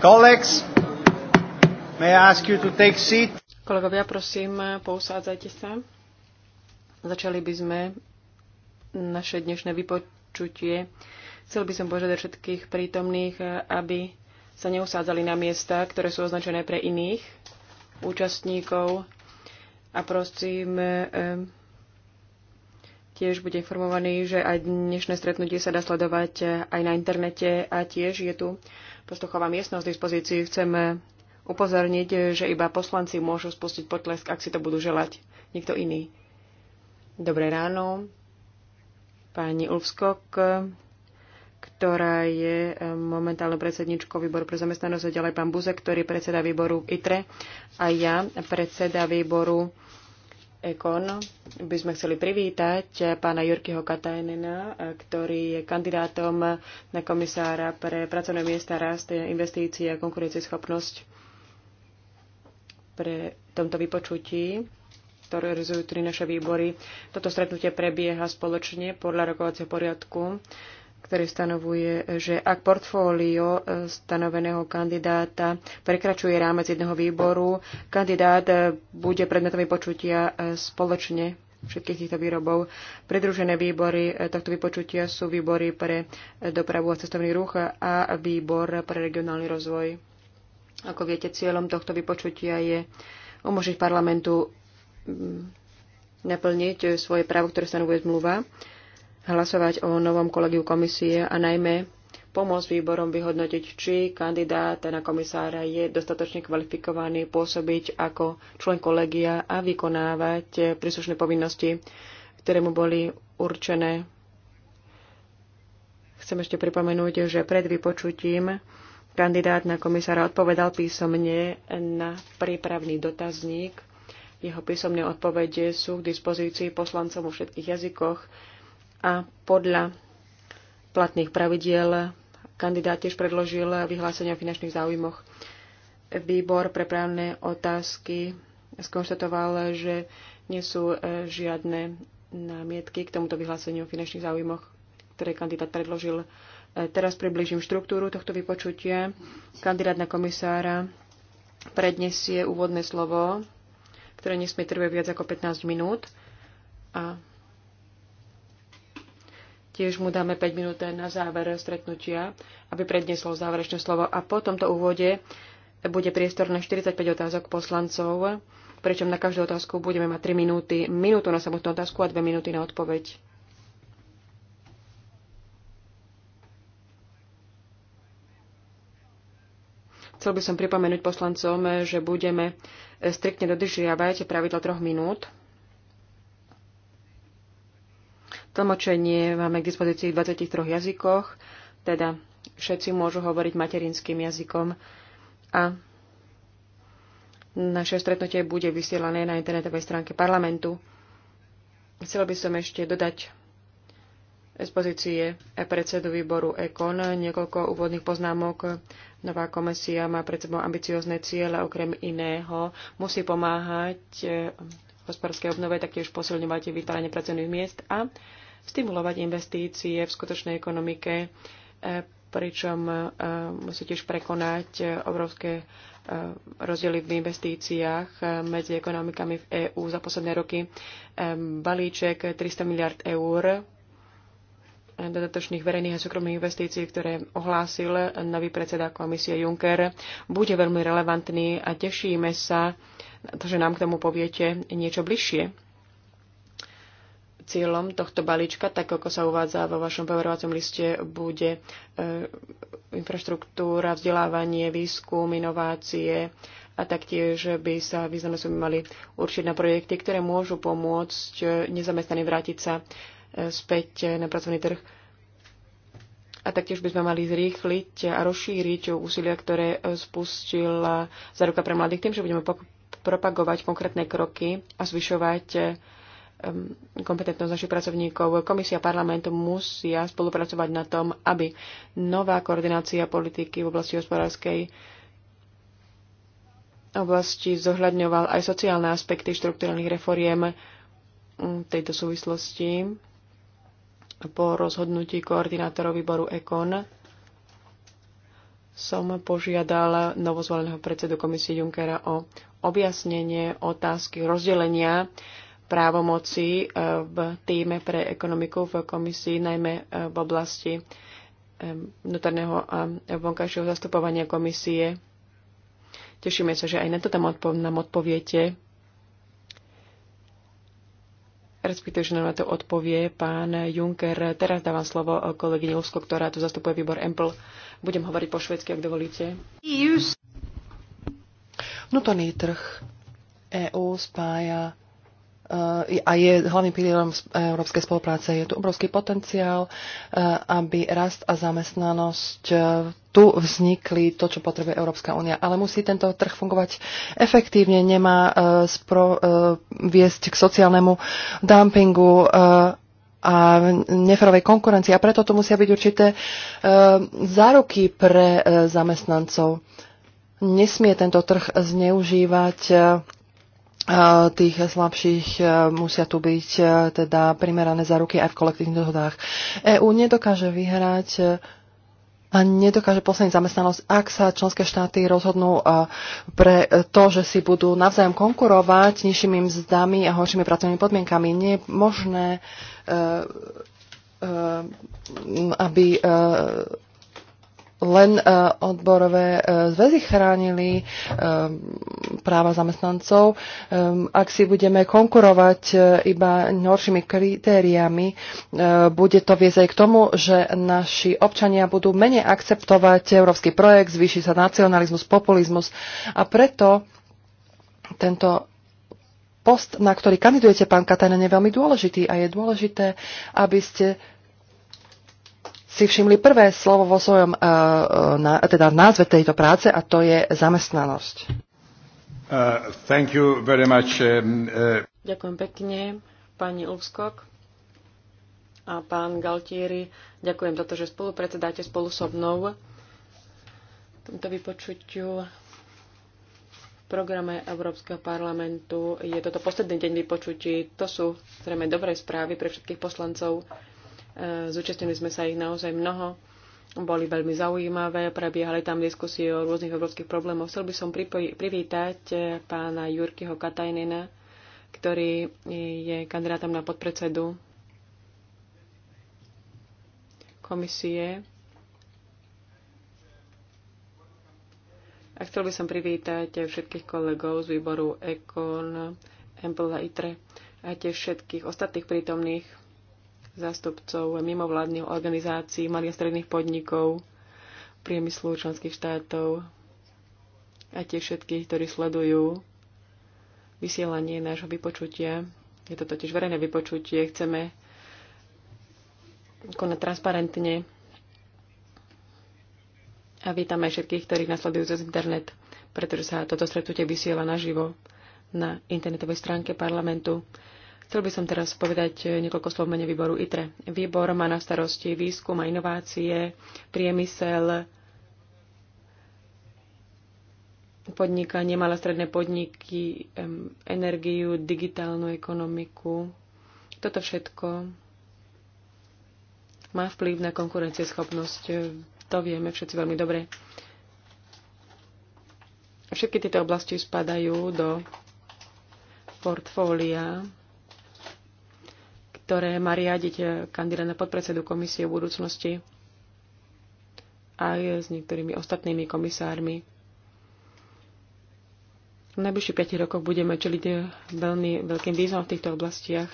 Colleagues, may I ask you to take seat? Kolegovia, prosím, pousádzajte sa. Začali by sme naše dnešné vypočutie. Chcel by som požiadať všetkých prítomných, aby sa neusádzali na miesta, ktoré sú označené pre iných účastníkov. A prosím, Tiež bude informovaný, že aj dnešné stretnutie sa dá sledovať aj na internete a tiež je tu postochová miestnosť v dispozícii. Chcem upozorniť, že iba poslanci môžu spustiť potlesk, ak si to budú želať. niekto iný. Dobré ráno. Pani Ulfskok, ktorá je eh, momentálne predsedničkou výboru pre zamestnanosť a ďalej pán Buzek, ktorý predseda výboru ITRE a ja predseda výboru Ekon by sme chceli privítať pána Jurkyho Katajnena, ktorý je kandidátom na komisára pre pracovné miesta, rast, investície a konkurencieschopnosť. Pre tomto vypočutí, ktoré rezultujú tri naše výbory, toto stretnutie prebieha spoločne podľa rokovacieho poriadku ktorý stanovuje, že ak portfólio e, stanoveného kandidáta prekračuje rámec jedného výboru, kandidát e, bude predmetom vypočutia e, spoločne všetkých týchto výrobov. Pridružené výbory tohto vypočutia sú výbory pre dopravu a cestovný ruch a výbor pre regionálny rozvoj. Ako viete, cieľom tohto vypočutia je umožniť parlamentu naplniť svoje právo, ktoré stanovuje zmluva hlasovať o novom kolegiu komisie a najmä pomôcť výborom vyhodnotiť, či kandidát na komisára je dostatočne kvalifikovaný pôsobiť ako člen kolegia a vykonávať príslušné povinnosti, ktoré mu boli určené. Chcem ešte pripomenúť, že pred vypočutím kandidát na komisára odpovedal písomne na prípravný dotazník. Jeho písomné odpovede sú k dispozícii poslancom vo všetkých jazykoch a podľa platných pravidiel kandidát tiež predložil vyhlásenie o finančných záujmoch. Výbor pre právne otázky skonštatoval, že nie sú e, žiadne námietky k tomuto vyhláseniu o finančných záujmoch, ktoré kandidát predložil. E, teraz približím štruktúru tohto vypočutia. Kandidát na komisára predniesie úvodné slovo, ktoré nesmie trvať viac ako 15 minút a Tiež mu dáme 5 minút na záver stretnutia, aby predniesol záverečné slovo. A po tomto úvode bude priestor na 45 otázok poslancov, pričom na každú otázku budeme mať 3 minúty, minútu na samotnú otázku a 2 minúty na odpoveď. Chcel by som pripomenúť poslancom, že budeme striktne dodržiavať pravidlo troch minút Tlmočenie máme k dispozícii v 23 jazykoch, teda všetci môžu hovoriť materinským jazykom a naše stretnutie bude vysielané na internetovej stránke parlamentu. Chcela by som ešte dodať z pozície predsedu výboru EKON niekoľko úvodných poznámok. Nová komisia má pred sebou ambiciozne ciele, okrem iného musí pomáhať hospodárskej obnove, taktiež posilňovať vytváranie pracovných miest a stimulovať investície v skutočnej ekonomike, e, pričom e, musí tiež prekonať e, obrovské rozdiely v investíciách medzi ekonomikami v EÚ za posledné roky. Balíček 300 miliard eur dodatočných verejných a súkromných investícií, ktoré ohlásil nový predseda komisie Juncker, bude veľmi relevantný a tešíme sa, to, že nám k tomu poviete niečo bližšie. Cieľom tohto balíčka, tak ako sa uvádza vo vašom poverovacom liste, bude e, infraštruktúra, vzdelávanie, výskum, inovácie a taktiež by sa významné sumy mali určiť na projekty, ktoré môžu pomôcť e, nezamestnaným vrátiť sa e, späť na pracovný trh. A taktiež by sme mali zrýchliť a rozšíriť úsilia, ktoré spustila za ruka pre mladých tým, že budeme propagovať konkrétne kroky a zvyšovať Um, kompetentnosť našich pracovníkov. Komisia parlamentu musia spolupracovať na tom, aby nová koordinácia politiky v oblasti hospodárskej oblasti zohľadňoval aj sociálne aspekty štruktúrnych reforiem um, tejto súvislosti po rozhodnutí koordinátorov výboru EKON som požiadal novozvoleného predsedu komisie Junckera o objasnenie otázky rozdelenia právomoci e, v týme pre ekonomiku v komisii, najmä e, v oblasti e, vnútorného a vonkajšieho zastupovania komisie. Tešíme sa, že aj na to tam odpov- nám odpoviete. Respektíve, že nám na to odpovie pán Juncker. Teraz dávam slovo kolegyni Lusko, ktorá tu zastupuje výbor EMPL. Budem hovoriť po švedsky, ak dovolíte. Vnútorný trh EÚ spája E, a je hlavným pilierom európskej spolupráce. Je tu obrovský potenciál, e, aby rast a zamestnanosť e, tu vznikli to, čo potrebuje Európska únia. Ale musí tento trh fungovať efektívne, nemá spro, viesť k sociálnemu dumpingu a neferovej konkurencii. A preto tu musia byť určité záruky pre zamestnancov. Nesmie tento trh zneužívať Eh, tých slabších eh, musia tu byť eh, teda primerané za ruky aj v kolektívnych dohodách. EÚ nedokáže vyhrať a nedokáže posledniť zamestnanosť, ak sa členské štáty rozhodnú pre to, že si budú navzájom konkurovať nižšími mzdami a horšími pracovnými podmienkami. Nie je možné, aby len e, odborové e, zväzy chránili e, práva zamestnancov. Ak si budeme konkurovať iba horšími kritériami, bude to viesť aj k tomu, že naši občania budú menej akceptovať európsky projekt, zvýši sa nacionalizmus, populizmus a preto tento post, na ktorý kandidujete, pán Katajnen, je veľmi dôležitý a je dôležité, aby ste si všimli prvé slovo vo svojom eh, eh, na, teda v názve tejto práce a to je zamestnanosť. Uh, thank you very much, um, uh... Ďakujem pekne, pani Ulfskok a pán Galtieri. Ďakujem za to, že spolupredsedáte spolu so mnou tomto vypočutiu v programe Európskeho parlamentu. Je toto posledný deň vypočutí. To sú zrejme dobré správy pre všetkých poslancov. E, zúčastnili sme sa ich naozaj mnoho. Boli veľmi zaujímavé, prebiehali tam diskusie o rôznych európskych problémoch. Chcel by som privítať e, pána Jurkyho Katajnina, ktorý je kandidátom na podpredsedu komisie. A chcel by som privítať všetkých kolegov z výboru EKON, Empel a ITRE a tiež všetkých ostatných prítomných zástupcov mimovládnych organizácií, malých a stredných podnikov, priemyslu členských štátov a tie všetkých, ktorí sledujú vysielanie nášho vypočutia. Je to totiž verejné vypočutie. Chceme konať transparentne a vítame všetkých, ktorí nasledujú cez internet, pretože sa toto stretnutie vysiela naživo na internetovej stránke parlamentu. Chcel by som teraz povedať eh, niekoľko slov mene výboru ITRE. Výbor má na starosti výskum a inovácie, priemysel, podnikanie, malé stredné podniky, energiu, digitálnu ekonomiku. Toto všetko má vplyv na konkurencieschopnosť. To vieme všetci veľmi dobre. Všetky tieto oblasti spadajú do portfólia ktoré má riadiť e, kandidát na podpredsedu komisie v budúcnosti aj s niektorými ostatnými komisármi. V najbližších 5 rokoch budeme čeliť e, veľmi veľkým výzvam v týchto oblastiach.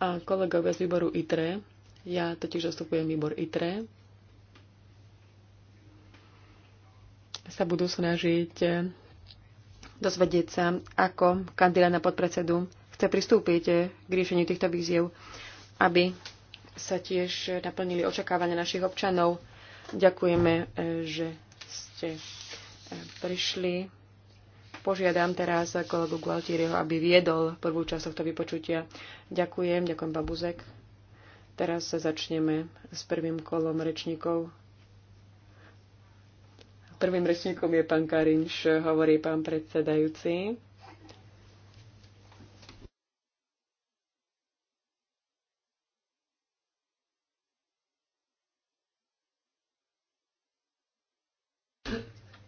A kolegovia z výboru ITRE, ja totiž zastupujem výbor ITRE, sa budú snažiť e, dozvedieť sa, ako kandidát na podpredsedu chce pristúpiť eh, k riešeniu týchto víziev, aby sa tiež naplnili očakávania našich občanov. Ďakujeme, eh, že ste eh, prišli. Požiadam teraz kolegu Gualtierieho, aby viedol prvú časť tohto vypočutia. Ďakujem, ďakujem Babuzek. Teraz sa začneme s prvým kolom rečníkov. Prvým rečníkom je pán Karinš, hovorí pán predsedajúci.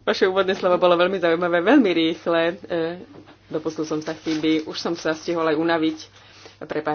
Vaše úvodné slovo bolo veľmi zaujímavé, veľmi rýchle. E, dopustil som sa chyby, už som sa stihol aj unaviť. prepa.